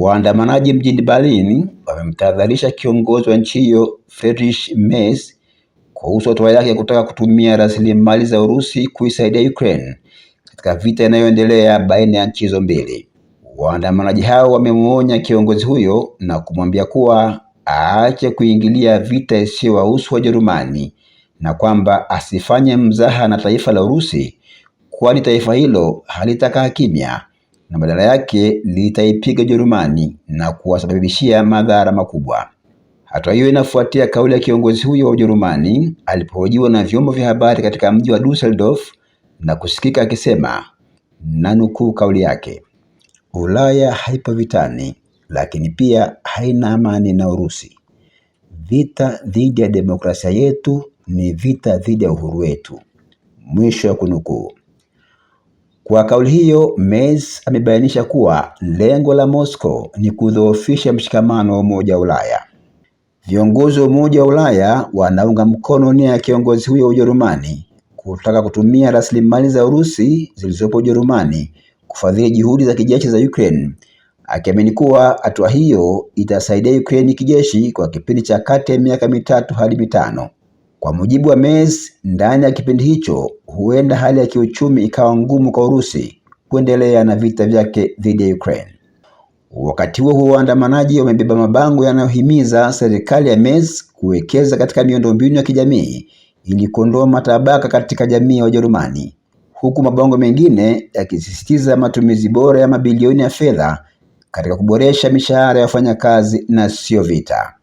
Waandamanaji mjini Berlin wamemtahadharisha kiongozi wa nchi hiyo Friedrich Merz kuhusu hatua yake ya kutaka kutumia rasilimali za Urusi kuisaidia Ukraine katika vita inayoendelea baina ya nchi hizo mbili. Waandamanaji hao wamemuonya kiongozi huyo na kumwambia kuwa aache kuingilia vita isiyowahusu Wajerumani na kwamba asifanye mzaha na taifa la Urusi kwani taifa hilo halitakaa kimya na badala yake litaipiga Ujerumani na kuwasababishia madhara makubwa. Hatua hiyo inafuatia kauli ya kiongozi huyo wa Ujerumani alipohojiwa na vyombo vya habari katika mji wa Dusseldorf na kusikika akisema, na nukuu kauli yake, Ulaya haipo vitani, lakini pia haina amani na Urusi. Vita dhidi ya demokrasia yetu ni vita dhidi ya uhuru wetu, mwisho wa kunukuu. Kwa kauli hiyo, Merz amebainisha kuwa lengo la Moscow ni kudhoofisha mshikamano wa Umoja wa Ulaya. Viongozi wa Umoja wa Ulaya wanaunga mkono nia ya kiongozi huyo wa Ujerumani kutaka kutumia rasilimali za Urusi zilizopo Ujerumani kufadhili juhudi za kijeshi za Ukraine, akiamini kuwa hatua hiyo itasaidia Ukraine kijeshi kwa kipindi cha kati ya miaka mitatu hadi mitano. Kwa mujibu wa Merz, ndani ya kipindi hicho huenda hali ya kiuchumi ikawa ngumu kwa Urusi kuendelea na vita vyake dhidi ya Ukraine. Wakati huo huo, waandamanaji wamebeba mabango yanayohimiza serikali ya Merz kuwekeza katika miundombinu ya kijamii ili kuondoa matabaka katika jamii ya Wajerumani, huku mabango mengine yakisisitiza matumizi bora ya mabilioni ya fedha katika kuboresha mishahara ya wafanyakazi na sio vita.